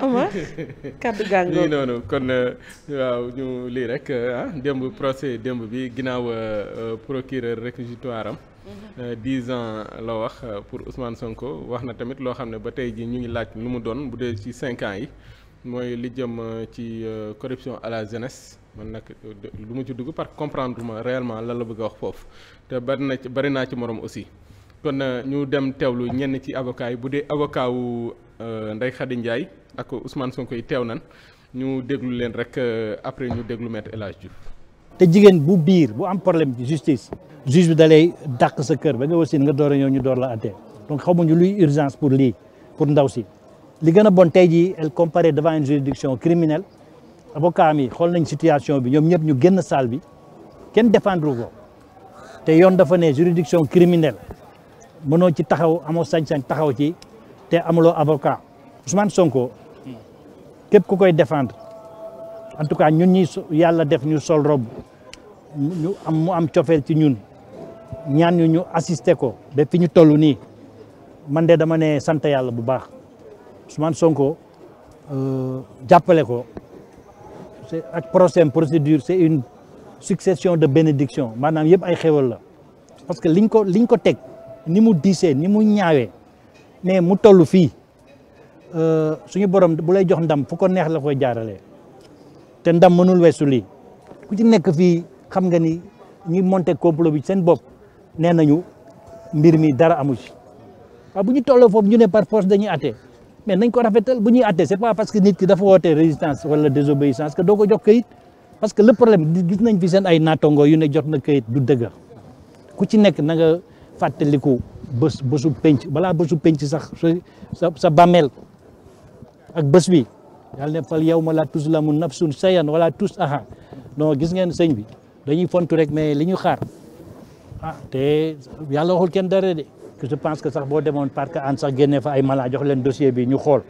ama kàddu gàngoo lii noonu kon euh, waaw ñu lii rek euh, ah démb procès démb bi ginnaaw euh, procureur réquisitoire am mhm. dix ans la wax pour Ousmane Sonko wax na tamit loo xam ne ba tey ji ñu ngi laaj lu mu doon bu dee ci cinq ans yi mooy li jëm ci corruption à la jeunesse man nag lu mu ci dugg par comprendre ma réellement lan la bëgg a wax foofu te bari na ci bari naa ci moroom aussi kon ñu dem teewlu ñenn ci avocat bu dee avocat wu Ndeye Khady ak Ousmane Sonko yi teew nan ñu déglu leen rek euh, après ñu déglu maître El Hadj te jigéen bu biir bu am problème justice juge bi da lay sa kër ba nga wasin nga door a ñëw ñu door la àtte donc xamuñu luy urgence pour lii pour ndaw si li gën a bon tey jii elle comparé devant une juridiction criminelle avocat mi xool nañ situation bi ñoom ñëpp ñu génn salle bi kenn défendre ko te yoon dafa ne juridiction criminelle mënoo ci taxaw amoo sañ-sañ taxaw ci te amuloo avocat Ousmane Sonko. képp ku koy défendre en tout cas ñun ñi yàlla def ñu sol rob ñu am mu am cofeel ci ñun ñaan ñu ñu assisté ko ba fi ñu toll nii man de dama ne sant yàlla bu baax su Ousmane Sonko euh, jàppale ko c'est ak procès procédure c'est une succession de bénédiction maanaam yëpp ay xéwal la parce que liñ ko ko teg ni mu diisee ni mu ñaawee mais mu toll fii Euh, suñu borom bu lay jox ndam fu ko neex la koy jaaralee te ndam mënul weesu lii ku ci nekk fii xam nga ni ñi monté complot bi seen bopp nee nañu mbir mi dara amu ci waaw bu ñu tolloo foofu ñu ne par force dañuy atte mais nañ ko rafetal bu ñuy atte c'est pas parce que nit ki dafa wootee résistance wala désobéissance que doo ko jox kayit parce que le problème gis nañ fi seen ay naatongo yu ne jot na kayit du dëgg ku ci nekk na nga fàttaliku bés bésu penc balaa bésu penc sax sa sa ak bés bi yàlla ne fal yow ma la laa tuzlamu nafsun sayan wala tus aha non gis ngeen sëñ bi dañuy fontu rek mais li ñu xaar ah te yàlla waxul kenn dara de je pense que sax boo demoon parc an sax genne fa ay mala jox leen dossier bi ñu xool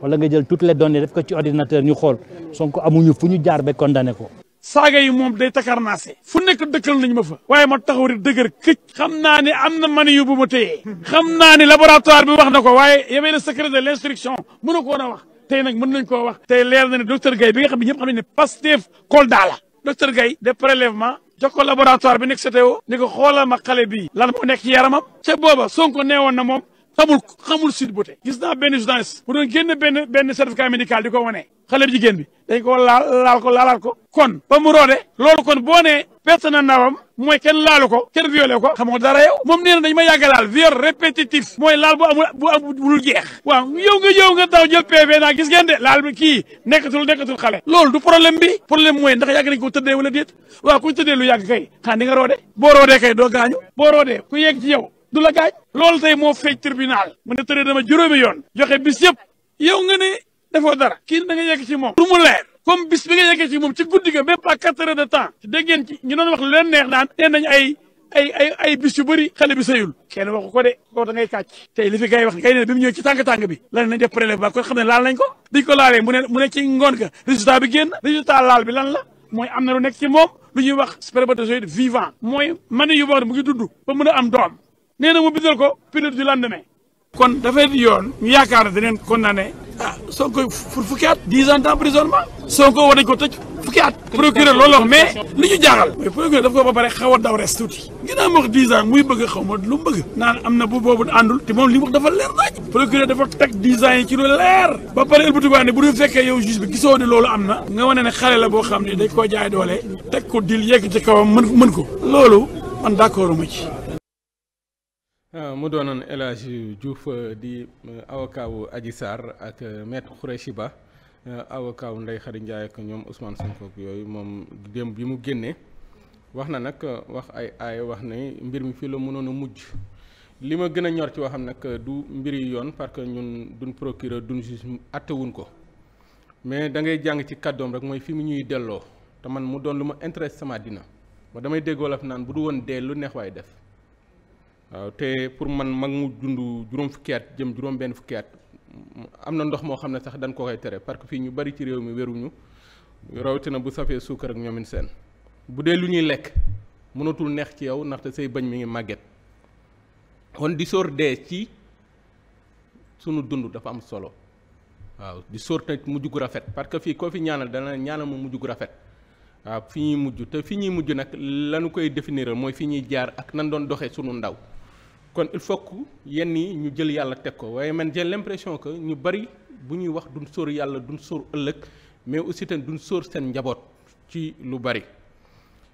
wala nga jël toutes les données def ko ci ordinateur ñu xool Sonko amuñu fu ñu jaar ba condamné ko. saaga yi moom day takarnaase fu nekk dëkkal nañ ma fa waaye ma taxaw rek dëgër këcc xam naa ne am na mani yu bu xam naa ne laboratoire bi wax na ko waaye yemee na secret de ko woon a tey nag mën nañ ko wax tey leer na ne docteur Gaye bi nga xam ne ñëpp xam nañ ne Pastef Kolda la docteur Gaye de prélèvement jox laboratoire bi nekk CTO ni ko xoolal ma xale bii lan moo nekk ci yaramam ca booba Sonko neewoon na moom xamul xamul Sweet Beauté gis naa benn journaliste bu doon génn benn benn certificat médical di ko wane xale bi jigéen bi dañ ko laal laal ko laalaat ko kon ba mu roode loolu kon boo nee perte na mooy kenn laal ko kenn violé ko xamoo dara yow moom nee dañ ma yàgg laal viol répétitif mooy laal bu amul bu amul bul jeex waaw yow nga yow nga taw jël PV naa gis ngeen de laal bi kii nekkatul nekkatul xale loolu du problème bi problème mooy ndax yàgg nañ ko tëddee wala déet waaw ku lu nga roode boo roodee kay doo gaañu boo roodee ku yegg ci yow du la gaañ loolu tey moo feej tribunal mu ne tëree dama juróomi yoon joxe bis yëpp yow nga ne defoo dara kii da nga yegg ci moom du mu leer comme bis bi nga yeggee ci moom ci guddi ga même pas quatre heures de temps dégg ngeen ci ñu doon wax lu leen de koo ngay kàcc ci tàng-tàng bi lan nañ def ko xam ne laal nañ laal bi lan la mooy am na nekk ci lu ñuy wax spermatozoïde vivant mooy man yu boo xam ne mu ngi dund a am doom nee na mu bindal ko pilote du lendemain. kon dafay di yoon. na yaakaar ne danañ condamné. ah Sonko pour fukki at. dix ans d'emprisonnement. ko war nañ ko tëj fukki at. loolu wax mais. li ñu jaaxal. mais procureur daf ko ba pare xaw a daw res tuuti. ginnaaw ma wax dix muy bëgg xaw ma lu mu bëgg. naan am na bu boobu àndul te moom li mu dafa leer naaj. procureur dafa teg dix yi ci lu leer. ba pare ëlbatikuwaat ne bu dul fekkee yow juge bi gisoo ne loolu am na. nga wane ne xale la boo xam ne dañ koo jaay doole. teg ko dil yegg ci kawam mën mën ko. loolu man d'accord ci. Euh, mu doonoon El Hadji Diouf euh, di euh, avocat aji Adji Sarr ak maître Khoureyssi Ba avocat wu Ndeye Khady Ndiaye ak ñoom Ousmane Sonko yooyu moom démb bi mu génnee wax na nag wax ay ay wax ne mbir mi fii la mënoon a mujj li ma gën a ñor ci waxam nag du mbir yi yoon parce que ñun dun procureur duñ juge attewuñ ko mais da ngay jàng ci kàddoom rek mooy fi mu ñuy delloo te man mu doon lu ma intéresse sama dina ba damay dégg wolof naan bu du woon dee lu neex waay def. waaw te pour man mag mu dund juróom fukki jëm juróom benn fukki am na ndox moo xam ne sax dañ ko koy tere parce que fii ñu bari ci réew mi wéruñu rawatina bu safee suukar ak ñoomin seen bu dee lu ñuy lekk mënatul neex ci yow ndaxte say bañ mi ngi màgget kon di sóor dee ci sunu dund dafa am solo waaw di sóor tamit mujj gu rafet parce que fii koo fi ñaanal dana ñaanal mu mujj gu rafet waaw fi ñuy mujj te fi ñuy mujj nag lanu koy définir mooy fi ñuy jaar ak nan doon doxee sunu ndaw kon il faut que yenn yi ñu jël yàlla teg ko waaye man j'ai l'impression que ñu bari bu ñuy wax duñ sóor yàlla du sóor ëllëg mais aussi tamit duñ sóor seen njaboot ci lu bari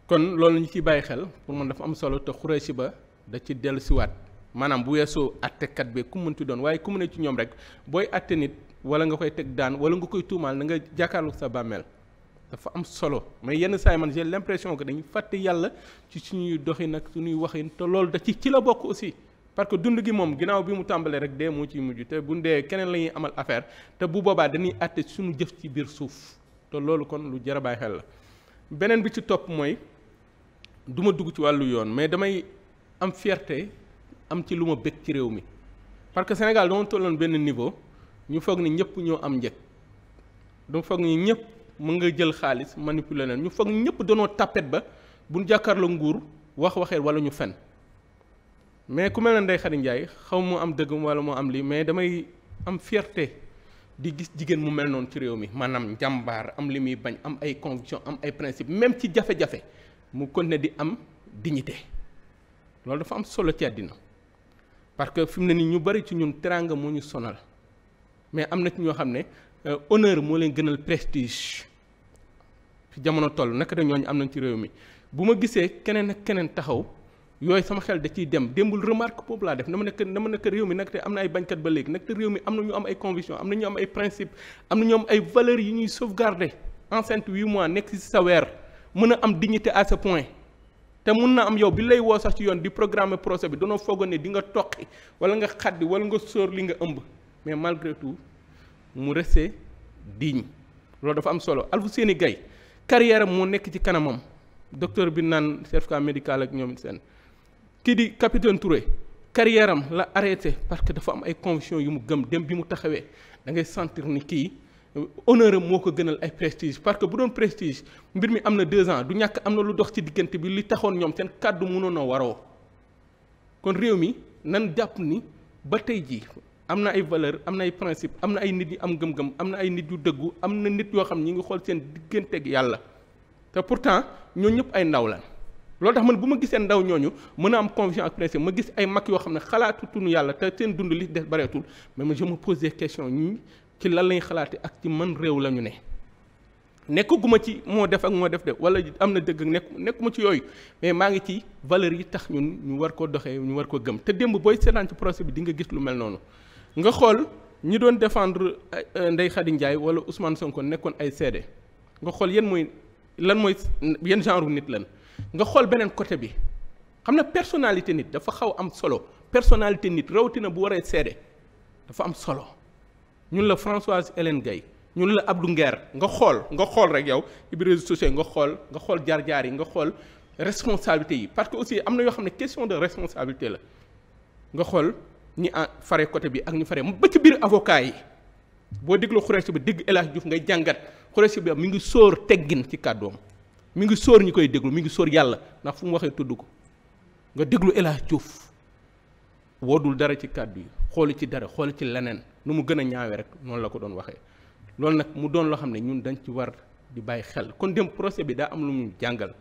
kon loolu ñu ciy bàyyi xel pour man dafa am solo te xuree si ba da ci dellu siwaat maanaam bu weesoo attekat bi ku mënti doon waaye ku mu ne ci ñoom rek booy atte wala nga koy daan wala nga koy tuumaal na nga jàkkaarlu sa bàmmeel dafa am solo mais yenn saa yi man j'ai l'impression que dañu fàtte yàlla ci suñuy doxin ak suñuy waxin te loolu da ci ci la bokk aussi parce que dund gi moom ginnaaw bi mu tàmbalee rek dee moo ciy mujj te bu dee keneen la ñuy amal affaire te bu boobaa dañuy àtte suñu jëf ci biir suuf te loolu kon lu jar a bàyyi xel la beneen bi ci topp mooy duma dugg ci wàllu yoon mais damay am fierté am ci lu ma bëgg ci réew mi parce que Sénégal dama tolloon benn niveau ñu foog ni ñëpp ñoo am njëg dama foog ni ñëpp mën nga jël xaalis manipule leen ñu foog ñëpp danoo tapet ba bu ñu jàkkaarloo nguur wax waxee wala ñu fen mais ku mel ne Ndeye Khady Ndiaye xaw mu am dëggum wala moo am lii mais damay am fierté di gis jigéen mu mel noonu ci réew mi maanaam njàmbaar am li muy bañ am ay conviction am ay principe même ci jafe-jafe mu continuer di am diñite loolu dafa am solo ci àddina parce que fi mu ne nii ñu bari ci ñun teraanga moo ñu sonal mais am na ci ñoo xam ne euh, honneur moo leen gënal prestige fi jamono toll naka da am nañ ci réew mi bu ma gisee keneen ak keneen taxaw. yooyu sama xel da ciy dem démbul remarque boobu laa def na ma nekk na ma nekk réew mi nag te am na ay bañkat ba léegi nag te réew mi am na ñu am ay conviction am na ñu am ay principe am na ñu am ay valeurs yi ñuy sauvegarder enceinte huit mois nekk ci sa weer mën a am dignité à ce point te mun na am yow bi lay woo sax ci yoon di programme procès bi danoo foogoon ne di nga toqi wala nga xaddi wala nga sóor li nga ëmb mais malgré tout mu rese digne loolu dafa am solo Alfousseyni Gaye carrière moo nekk ci kanamam docteur bi naan certificat médical ak ñoom seen kii di capitaine Touré carrière am la arrêté parce que dafa am ay convictions yu mu gëm dem bi mu taxawee da ngay sentir ni kii euh, honneur moo ko gënal ay prestige parce que bu doon prestige mbir mi am na deux ans du ñàkk am na lu dox ci diggante bi li taxoon ñoom seen kàddu mënoon a waroo kon réew mi nan jàpp ni ba tey jii am na ay valeur am na ay principe am na ay nit yu am gëm-gëm am na ay nit yu dëggu am na nit yoo xam ñi ngi xool seen digganteeg yàlla te pourtant ñoo ñëpp ay ndaw la loolu tax man bu ma gisee ndaw ñooñu mën a am conviction ak principe ma gis ay mag yoo xam ne xalaatu tunu yàlla te seen dund li des bareetul mais ma je me pose des questions ci lan lañ xalaate ak ci man réew la ñu ne nekkaguma ci moo def ak moo def de wala am na dëgg nekk nekkuma ci yooyu mais maa ngi ci valeur yi tax ñun ñu war ko doxee ñu war ko gëm te démb booy seetaan ci bi di nga gis lu mel noonu nga xool ñi doon défendre euh, Ndeye Khady wala Ousmane Sonko nekkoon ay seede nga xool yan mooy lan mooy yan genre nit lan nga xool beneen côté bi xam na personnalité nit dafa xaw am solo personnalité nit rawatina bu waree seede dafa am solo ñun la Françoise Hélène Gaye ñun la Abdou Nguer nga xool nga xool rek yow bi réseaux nga xool nga xool jaar-jaar yi nga xool responsabilité yi parce que aussi am na yoo xam ne question de responsabilité la nga xool ñi en fare côté bi ak ñu fare ba ci biir avocat yi boo déglu Khoureyssi bi digg El Hadj ngay jàngat Khoureyssi ba mi ngi sóor teggin ci kàddoom mi ngi soor ñi koy déglu mi ngi sóor yàlla ndax fu mu waxee tudd ko nga déglu El Hadj Diouf woodul dara ci kàddu yi xool ci dara xool ci leneen nu mu gën a ñaawee rek noonu la ko doon waxee loolu nag mu doon loo xam ne ñun dañ ci war di bàyyi xel kon démb procès bi daa am lu muy jàngal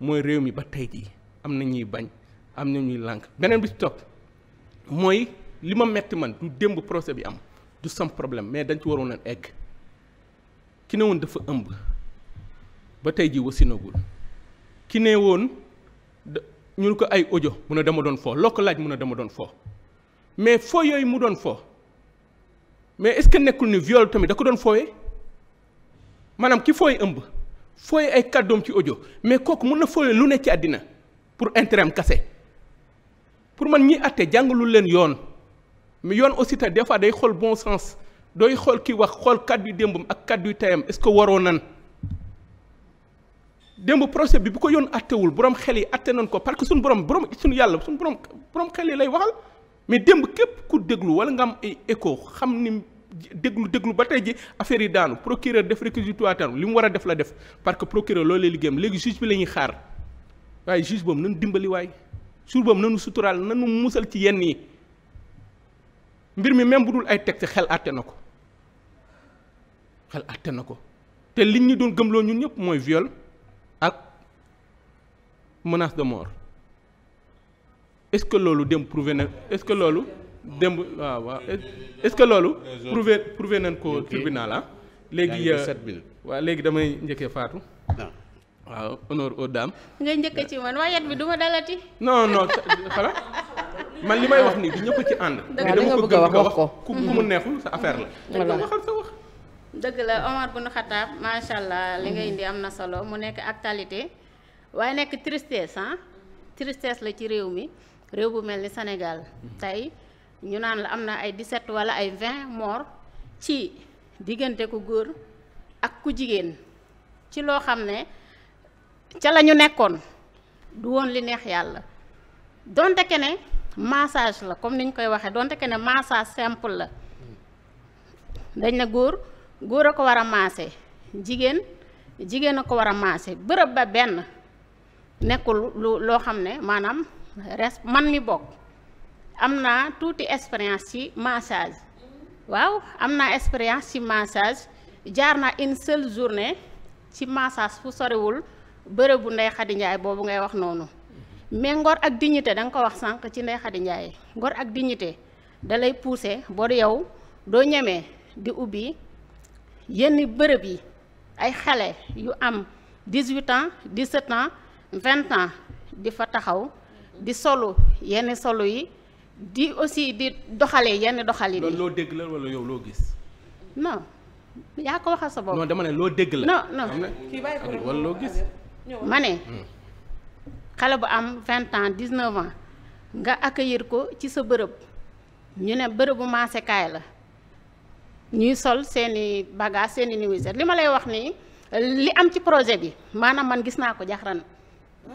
mooy réew mi ba tey jii am na ñuy bañ am na ñuy lànk beneen bi ci mooy li ma metti man du démb procès bi am du sam problème mais dañ ci waroon leen egg ki ne woon dafa ëmb ba tey ji wasinagul ki ne woon ñu ko ay audio mun a dama doon foo loo ko laaj mun a dama doon foo mais foo yooyu mu doon foo mais est-ce que nekkul ni viol tamit da ko doon fooyee maanaam ki fooy ëmb fooy ay kàddoom ci audio mais kooku mun na fooyee lu nekk ci àddina pour intérêt am kase pour man ñi àtte jàngalul leen yoon mais yoon aussi te des fois day xool bon sens dooy xool ki wax xool kàddu yu démbam ak kàddu yu tayam est-ce que waroo nan démb procès bi bu ko yoon attewul borom xel yi atte nañ ko parce que suñu borom borom suñu yàlla suñu borom borom xel yi lay waxal mais démb képp ku déglu wala nga am ay écho xam ni déglu déglu ba tey ji affaire yi daanu procureur def réquisitoire li mu war a def la def parce que procureur loolu lay liggéeyam léegi juge bi la xaar waaye juge boobu nañu dimbali waaye juge boobu nañu suturaal nañu musal ci yenn yi mbir mi même bu dul ay texte xel àtte na ko xel na ko te liñ ñu doon gëmloo ñun ñëpp mooy viol menace de mort est-ce que loolu dem prouvé na est-ce que loolu démb waaw waaw est-ce que loolu prouvé prouvé nañ ko tribunal ah léegi euh, waaw léegi damay njëkkee faatu ah. waaw honneur aux dames nga ci man waaye yet bi du ma dalati non non xala man li may wax nii du ñëpp ci ànd mais dama ko gëm wax ko ku mu neexul sa affaire la dama dëgg la Omar bu nu xataab macha allah li nga indi am na solo mu nekk actualité waaye nekk tristesse ah tristesse la ci réew mi réew bu mel ni Sénégal tey ñu naan la am na ay 17 wala ay 20 morts ci diggante ku góor ak ku jigéen ci loo xam ne ca la ñu nekkoon du woon li neex yàlla donte ke ne massage la comme ni ñu koy waxee donte ke ne massage simple la dañ na góor góor a ko war a maase jigéen jigéen a ko war a maase bërëb ba benn nekkul loo xam ne maanaam res man mi bokk am naa tuuti expérience ci massage waaw am naa espérience ci massage jaar naa une seule journée ci massage fu soriwul bërëb bu Ndeye Khady Ndiaye boobu ngay wax noonu mais ngor ak dignité da nga ko wax sànq ci Ndeye Khady Ndiaye ngor ak dignité da lay pousser boo yow doo ñemee di ubbi yenn bërëb yi ay xale yu am 18 ans 17 ans. vingt ans di fa taxaw di solo yenn solo yi di aussi di doxalee yenn doxalin yi. loolu loo dégg la wala yow loo gis. non yaa ko waxal sa bopp. non dama ne loo dégg la. non non wala loo gis. ma ne hmm. xale bu am vingt ans dix neuf ans nga accueillir ko ci sa bërëb ñu ne bërëbu maasekaay la ñuy sol seeni bagage seeni nuisette li ma lay wax nii li am ci projet bi maanaam man gis naa ko jaxran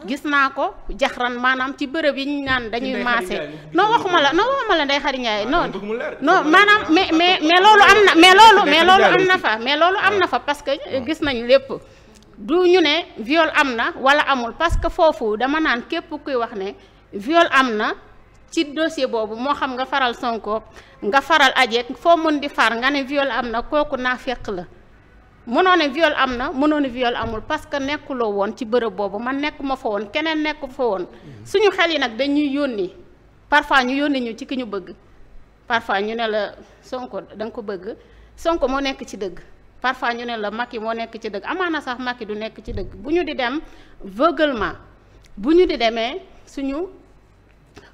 gis naa ko jaxran maanaam ci bërëb yi ñu naan dañuy maase non waxuma la non waxuma la Ndeye Khady Ndiaye maanaam mais mais mais loolu am na mais loolu mais loolu am na fa mais loolu am na fa parce que gis nañ lépp du ñu ne viol am na wala amul parce que foofu dama naan képp kuy wax ne viol am na ci dossier boobu moo xam nga faral Sonko nga faral Adji foo mën di far nga ne viol am na kooku naa fekk la mënoo ne viol am na mënoo ne viol amul parce que nekkuloo woon ci bërëb boobu man nekkuma fa woon keneen nekku fa woon mm-hmm. suñu xel yi nag dañuy yónni parfois ñu yónni ñu ci ki ñu bëgg parfois ñu ne la Sonko danga ko bëgg Sonko moo nekk ci dëgg parfois ñu ne la Macky moo nekk ci dëgg amaana sax Macky du nekk ci dëgg bu ñu di dem veuglement bu ñu di demee suñu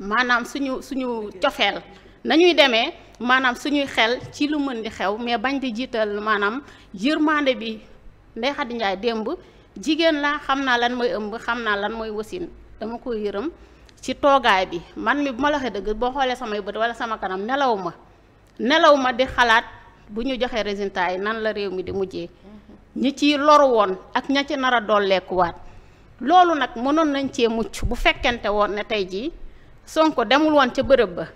maanaam suñu suñu cofeel nañuy demee maanaam suñuy xel ci lu mën di xew mais bañ di jiital maanaam yërmande bi Ndeye Khady Ndiaye démb jigéen la xam naa lan mooy ëmb xam naa lan mooy wasin dama koy yërëm ci toogaay bi man mi bu ma la waxee dëgg boo xoolee samay bët wala sama kanam nelaw ma nelaw ma di xalaat bu ñu joxee résultat yi nan la réew mi di mujjee mm-hmm. ñi ci loru woon ak ña ci nar a dolleekuwaat loolu nag mënoon nañ cee mucc bu fekkente woon ne tey jii ko demul woon ca bërëb ba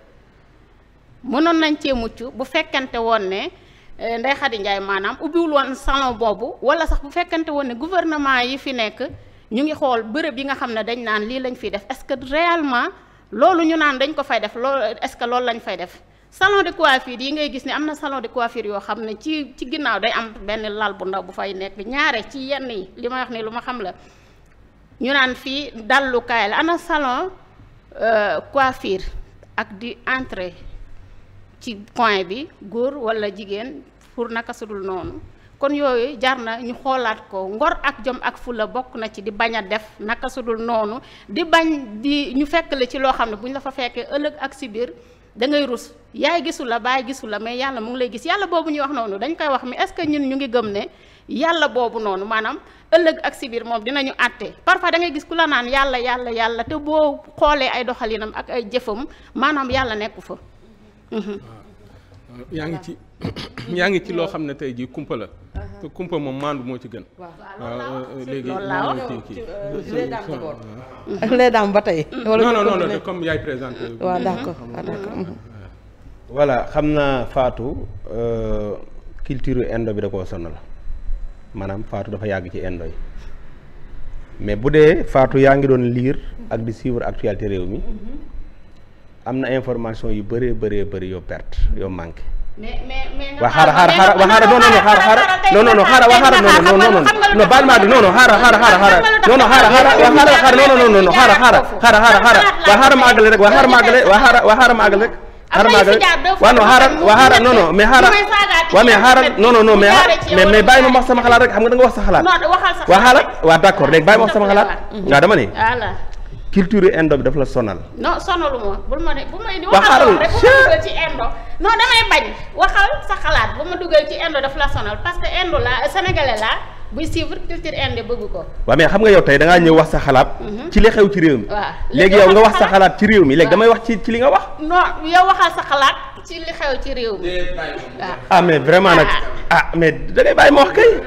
mënoon nañ cee mucc bu fekkante woon ne eh, Ndeye Khady Ndiaye maanaam ubbiwul woon salon boobu wala sax bu fekkante woon ne gouvernement yi fi nekk ñu ngi xool bërëb yi nga xam ne dañ naan lii lañ fiy def est-ce que réellement loolu ñu naan dañ ko fay def loolu est-ce que loolu lañ fay def salon de coiffure yi ngay gis ne am na salon de coiffure yoo xam ne ci ci ginnaaw day am benn lal bu ndaw bu fay nekk ñaare ci yenn yi li ma wax ne lu ma xam la ñu naan fii dallukaay la ana salon euh, coiffure ak di entrée ci coin bi góor wala jigéen pour naka noonu kon yooyu jar na ñu xoolaat ko ngor ak jom ak fula bokk na ci di bañ a def naka sudul noonu di bañ di ñu fekk la ci loo xam ne bu ñu la fa fekkee ëllëg ak si biir da ngay rus yaay gisu la baay gisu la mais yàlla mu ngi lay gis yàlla boobu ñuy wax noonu dañ koy wax mi est-ce que ñun ñu ngi gëm ne yàlla boobu noonu maanaam ëllëg ak si moom dinañu àtte parfois da ngay gis ku la naan yàlla yàlla yàlla te boo xoolee ay doxalinam ak ay jëfam maanaam yàlla nekku fa waaw yaa ngi ci yaa ngi ci loo xam ne tey jii kumpa la. Uh-huh. kumpa moom maandu moo ci gën. waaw ah, ah, ah, léegi ak euh, euh, les ba tey. wala non non non comme yaay présenté. waaw euh, xam naa Fatou culture indo bi da koo sonal maanaam faatu dafa yàgg ci indo yi mais bu dee faatu yaa ngi doon lire ak di suivre actualité réew mi. Mm-hmm. am na information yu bëree bëree bëri yoo perte yoo manqué. mais mais mais xaaral xaaral xaaral non non non xaaral xaaral non non non xaaral xaaral non non non non baal maa non non xaaral xaaral xaaral non non xaaral xaaral xaaral xaaral non non non xaaral xaaral xaaral xaaral xaaral waa xaaral ma àggale rek waa xaaral ma àggale waa xaaral waa xaaral ma àggale rek xaaral ma àggale waaw non xaaral waa xaaral non non mais xaaral waaw mais xaaral non non non mais mais mais bàyyi ma wax sama xalaat rek xam nga da nga wax sa xalaat waa xaaral waa d'accord léegi bàyyi ma wax sama xalaat waaw dama ne culture indo bi daf la sonal. non sonalu ma bul ma ne bu ma indi waxal rek bu ci sa xalaat bu ma dugal ci indo daf la sonal parce indo la sénégalais la buy suivre culture inde bëgg ko. waaw mais xam nga yow tey da ngaa ñëw wax sa xalaat. Mhm. ci li xew ci réew mi. waaw léegi yow nga wax sa xalaat ci réew mi léegi damay wax ci ci li nga wax. sa xalaat ci xew ci réew mi. ah mais vraiment nag. ah, ah. ah mais da bàyyi ma wax kay.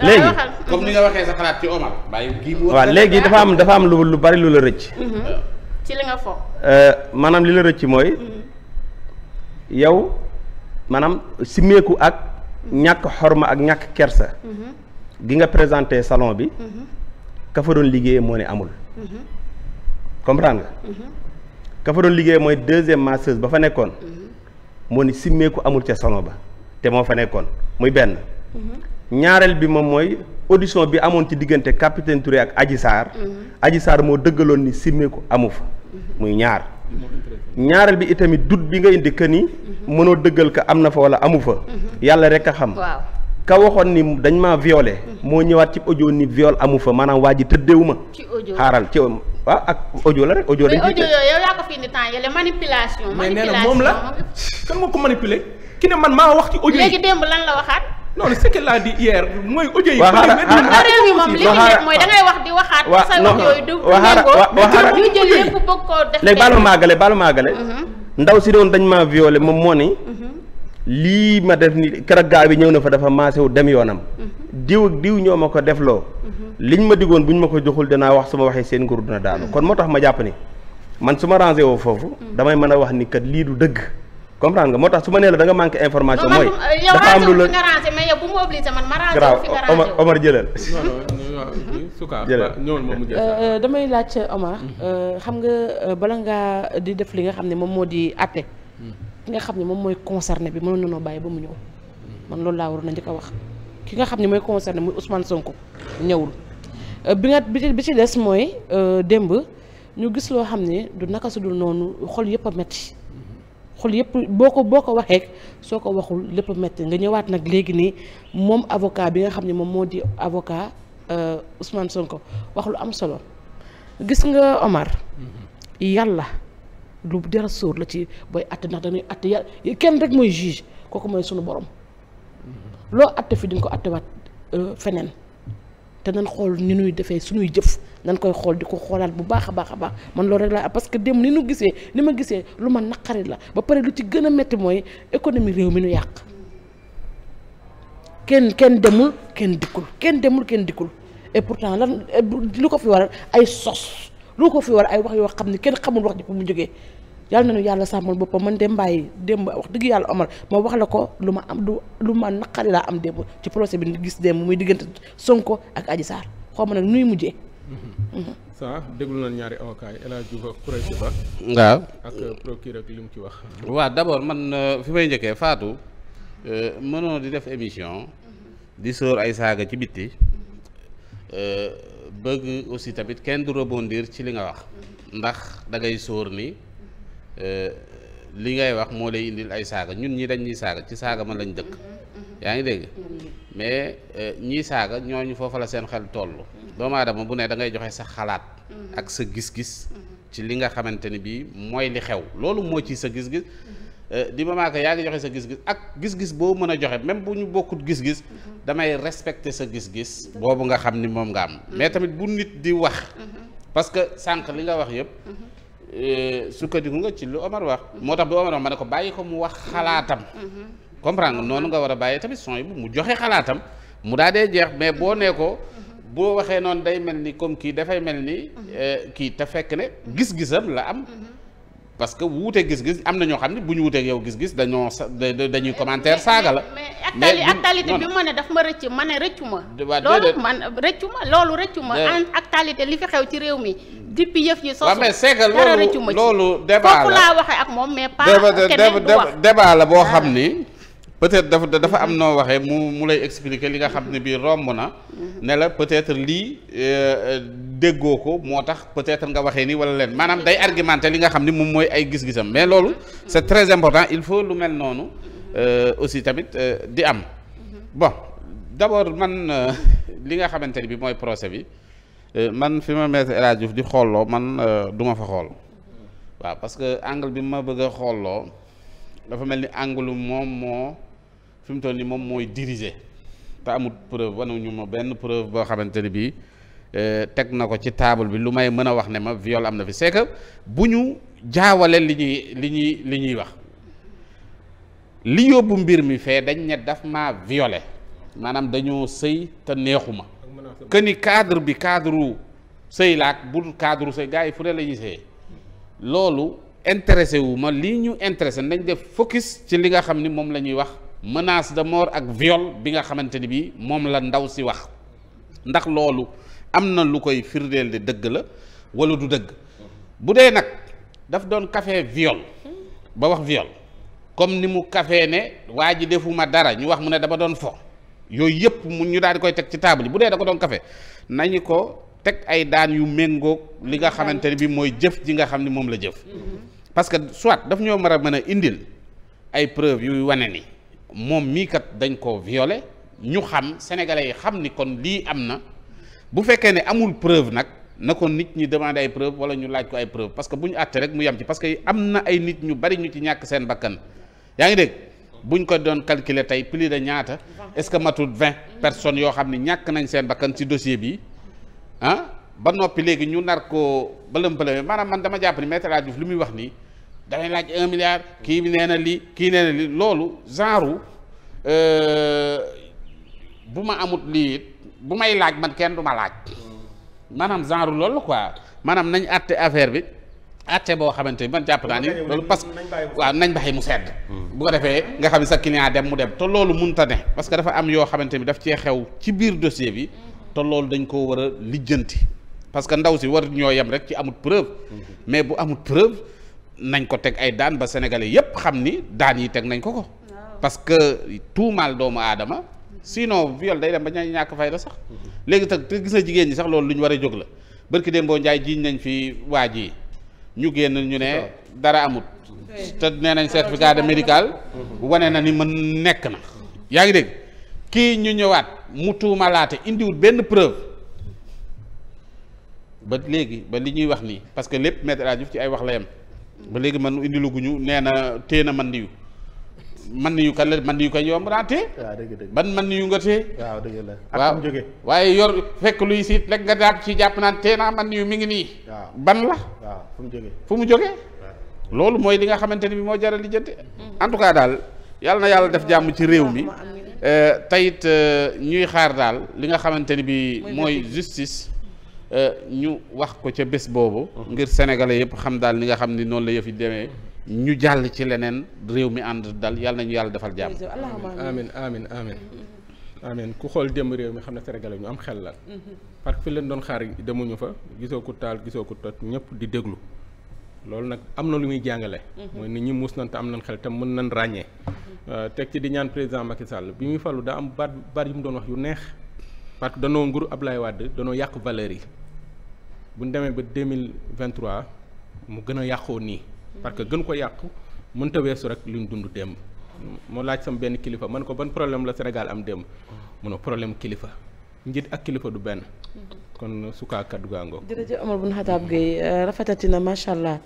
léegi ah, comme ni nga waxee sa xalaat ci Omar. waaw léegi dafa am dafa am lu lu bari lu la rëcc. Mhm. ci li nga euh, maanaam li la rëcc mooy. Mhm. yow maanaam simmeeku ak ñàkk xorma ak ñàkk kersa. Mhm. gi nga présenté salon bi. ka fa doon liggéeyee moo ne amul. comprendre nga. ka fa doon liggéey mooy deuxième masseuse ba fa nekkoon. moo ni simmeeku amul ca salon ba te moo fa nekkoon muy benn. ñaareel bi moom mooy audition bi amoon ci diggante capitaine Touré ak Adji Sarr. Mhm. Adji Sarr moo dëggaloon ni simmeeku amu fa. Mhm. muy ñaar. ñaareel bi itamit dut bi nga indi que ni. Mhm. mënoo dëggal ka am na fa wala amu fa. yàlla rek a xam. waaw ka waxoon ni dañ ma violé. moo ñëwaat ci audio ni viol amu fa maanaam waa ji tëddeewu ma. ci audio xaaral ci ak audio la rek audio. dañ ciy yooyu yaa ko fi indi temps yële manipulation. manipulation mais nee na moom la kan moo ko manipulé. ki ne ma wax ci audio yi loolu ce qu'il a dit mooy audio yi. waaw ah, ah. réew mi moom li ñu def wax di wax waxaara waxaara ñu jël maagale baalu maagale. Mhm. ndaw si doon dañ ma violé moom moo ni. Mhm. lii ma def ni keroog gaa bi ñëw na fa dafa maase wu dem yoonam. Mhm. diw diw ñoo ma ko defloo. li ñu ma diggoon bu ñu ma ko joxul danaa wax suma waxee seen nguur dina daanu kon moo tax ma jàpp ni man su ma rangé woo foofu. damay mën a wax ni kat lii du dëgg. comprendre nga moo tax su ma nee la da nga manqué information. mooy dafa am lu la garaaw Omar Omar jëlal. Euh, euh, damay laaj Omar. Euh, xam nga bala ngaa di def li nga xam ne moom moo di àtte. nga xam ne moom mooy concerné bi mënoon nañoo bàyyi ba mu ñëw. man loolu laa waroon na njëkk a wax. ki nga xam ne mooy concerné muy Ousmane Sonko ñëwul. bi nga bi ci des mooy démb ñu gis loo xam ne du naka su dul noonu xol yëpp a metti xol yëpp boo ko boo ko waxee soo ko waxul lépp métti nga ñëwaat nag léegi nii moom avocat bi nga xam ne moom moo di avocat euh, Ousmane ko wax lu am solo gis nga Omar. Mm-hmm. yàlla lu dara sóor la ci booy àtte ndax dañuy àtte yàlla kenn rek mooy juge kooku mooy sunu borom. Mm-hmm. loo àtte fi di nga ko àttewaat euh, feneen. te nan xool ni nuy defee suñuy jëf nan koy xool di ko xoolaat bu baax a baax a baax man loolu rek laa parce que dem ni nu gisee ni ma gisee lu ma naqari la ba pare lu ci gën a métti mooy économie réew mi nu yàq kenn kenn demul kenn dikkul kenn demul kenn dikkul et pourtant lan lu ko fi waral ay sos lu ko fi war ay wax yoo xam ne kenn xamul wax ji fu mu jógee yàlla na nañu yàlla sàmmal boppam man dem bàyyi démb wax dëgg yàlla Omar ma wax la ko lu ma am du lu ma naqari laa am démb ci procès bi gis démb muy diggante Sonko ak Adji Sarr xaw ma nag nuy mujjee. Mm-hmm. déglu nañ ñaari avocats yi El waaw euh, ak li mu ci wax. waaw d'abord man euh, fi may njëkkee Fatou euh, mënoo di def émission. di soor ay saaga ci bitti. bëgg aussi tamit kenn du rebondir ci li nga wax. ndax da ngay sóor ni. li ngay wax moo lay indil ay saaga ñun ñi dañ ñuy saaga ci saaga man lañu dëkk yaa ngi dégg mais euh, ñii saaga ñooñu foofa la seen xel toll doomu aadama bu ne da ngay joxe sa xalaat ak sa gis-gis ci li nga xamante ni bii mooy li xew loolu moo ci sa gis-gis euh, di ma maaka yaa ngi joxe sa gis-gis ak gis-gis boo mën a joxe même bu ñu bokkut gis-gis damay respecter sa gis-gis boobu nga xam ni moom nga am mais tamit bu nit di wax parce que sànq li nga wax yëpp su euh, sukkandiku nga ci lu Omar wax moo tax bi Omar wax ma ne ko bàyyi ko mu wax xalaatam mm-hmm. comprendre noonu nga war a bàyyi tamit son yi bu mu joxee xalaatam mu daa dee jeex mais boo nee mm-hmm. boo waxee noonu day mel ni comme kii dafay mel ni mm-hmm. euh, kii te fekk ne gis-gisam la am parce que wuute gis-gis am na ñoo xam ne bu ñu wuuteeg yow gis-gis dañoo dañuy commentaire saaga la. mais mais actualité bi ma ne daf ma rëcc ma ne rëccu ma. loolu rëccu ma loolu rëccu ma. en actualité li fi xew ci réew mi. depuis yëf yi soosu dara rëccu ma ci waaw mais c'est que loolu loolu la foofu laa waxee ak moom mais. pas keneen la boo xam ni. peut-être dafa dafa am mhm. noo waxee mu mu lay expliquer li nga xam ne bii romb na. Mhm. ne la peut-être lii euh, euh, déggoo ko moo tax peut-être nga waxee nii wala leen maanaam day argumenter li nga xam ni moom mooy ay gis-gisam mais loolu. c'est très important il faut lu mel noonu. Euh, aussi tamit di am. Mhm. bon d'abord man li nga xamante ni bii mooy procès bi man fi ma mettre El Hadj di xooloo man duma fa xool waaw parce que angle bi ma bëgg a xooloo dafa mel ni angle moom moo. fi mu toll nii moom mooy diriger te amul preuve wane ñu ma benn preuve boo xamante ne bii eh, teg na ko ci table bi lu may mën a wax ne ma viol am na fi c'est bu ñu jaawale li ñuy li ñuy li ñuy wax li yóbbu mbir mi fee dañ ne daf maa violé maanaam dañoo sëy te neexuma que ni cadre bi cadre sëy laak bu cadre sëy gars yi fu ne la loolu intéressé wu ma lii ñu intéressé nañ def focus ci li nga xam ni moom la ñuy wax menace de mort ak viol bi nga xamante ni bii moom la ndaw si wax ndax loolu am na lu koy firndeel de dëgg la wala du dëgg bu dee nag daf doon café viol ba wax viol comme ni mu café ne waa ji defuma dara ñu wax mu ne dama doon fo yooyu yëpp mu ñu daal di koy teg ci table yi bu dee da ko doon kafe nañu ko teg ay daan yu méngoog li nga xamante ne bii mooy jëf ji nga xam ni moom la jëf parce que soit daf ñoo mën a mën a indil ay preuve yuy wane ni moom mii kat dañ ko violé ñu xam sénégalais yi xam ni kon lii am na bu fekkee ne amul preuve nag na ko nit ñi demande ay preuve wala ñu laaj ko ay preuve parce que bu ñu àtte rek mu yem ci parce que am na ay nit ñu bari ñu ci ñàkk seen bakkan yaa ngi dégg buñ ko doon calculer tey plus de ñaata est-ce que matul vingt personnes yoo xam ne ñàkk nañ seen bakkan ci dossier bi ah ba noppi léegi ñu nar ko bëlëm bëlëme maanaam man dama jàpp ni maître Diouf li muy wax nii damay laaj un milliard kii bi nee na lii kii nee na lii loolu genre euh, bu ma amut lii it bu may laaj man kenn duma laaj maanaam genre loolu la quoi maanaam nañ àtte affaire bi àtte boo xamante ni man jàpp naa ni loolu parce que waaw nañ bàyyi mu sedd hmm. bu ko defee nga xam ne sa client dem mu dem te loolu munta ne parce que dafa am yoo xamante ni daf cee xew ci biir dossier bi te loolu dañ koo war a lijjanti parce que ndaw si war ñoo yem rek ci amut preuve hmm. mais bu amut preuve nañ ko teg ay daan ba sénégalais yépp xam ni daan yi teg nañ ko ko parce que tuumaal doomu aadama sinon viol day dem ba ñu ñàkk fayda sax léegi tax te gis na jigéen ñi sax loolu lu ñu war a jóg la bërki boo Njaay jiiñ nañ fi waa ji ñu génn ñu ne dara amut te nee nañ certificat de médical wane na ni mën nekk na yaa ngi dégg kii ñu ñëwaat mu tuumalaate indiwul benn preuve ba léegi ba li ñuy wax nii parce que lépp maître Diouf ci ay wax la yam ba léegi man indi luguñu nee na téye na man diw man yu ka la man yu kay yomb naa tee. waaw ban man yu nga tee. waaw la ak waaye yor fekk luy siit rek nga daab ci jàpp naan tee naa man yu mi ngi nii. ban la. waaw fu mu jógee fu mu jógee. loolu mooy li nga xamante ni bi moo jaral lijjanti. en tout cas daal yàlla na yàlla def jàmm ci réew mi. Eh, tayit eh, ñuy xaar daal li nga xamante ni bi mooy justice. ñu wax ko ca bés boobu ngir sénégalais yëpp xam daal ni nga xam ni noonu la yëf yi demee ñu jàll ci leneen réew mi ànd dal yàlla nañu yàlla defal jàmm amin amin amin ku xool démb réew mi xam ne sénégalais ñu am xel la parce que fi leen doon xaar demuñu fa gisoo ko taal gisoo ko toj ñëpp di déglu loolu nag am na lu muy jàngale mooy nit ñi muus nañ te am nañ xel te mën nañ ràññee euh, teg ci di ñaan président Macky Sall bi muy falu da am baat baat yu mu doon wax yu neex parce que danoo nguur Ablaye Wade danoo yàq valeur yi bu ñu demee ba deux mille vingt trois mu gën a yàqoo nii. parce que gën ko yàqu mënta weesu rek lu luñ dund démb. moo laaj sama benn kilifa man ko ban problème la Sénégal am démb mu ne kilifa njit ak kilifa du benn. Mm-hmm. kon su kaa kaddu gaangoo. jërëjëf Omar Boun Khatab Gueye rafetati na macha